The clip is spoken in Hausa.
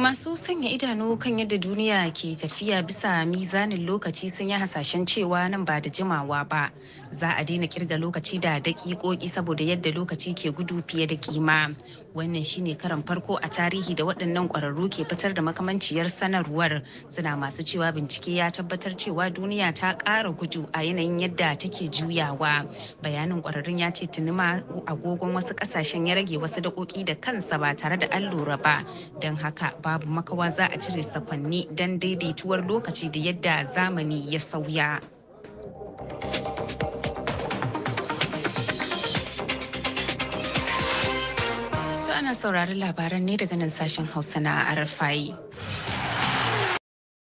Masu sanya idanu kan yadda duniya ke tafiya bisa mizanin lokaci sun yi hasashen cewa nan ba da jimawa ba za a daina kirga lokaci da daƙiƙoƙi saboda yadda lokaci ke gudu fiye da kima wannan shine karan farko a tarihi da waɗannan ƙwararru ke fitar da makamanciyar sanarwar suna masu cewa bincike ya tabbatar cewa duniya ta ƙara gudu a yanayin yadda take juyawa bayanin ƙwararrun ya ce tuni agogon wasu ƙasashen ya rage wasu daƙoƙi da kansa ba tare da an lura ba don haka babu makawa za a cire sakonni don daidaituwar lokaci da yadda zamani ya sauya. ana saurari labaran ne daga nan sashen Hausa na RFI.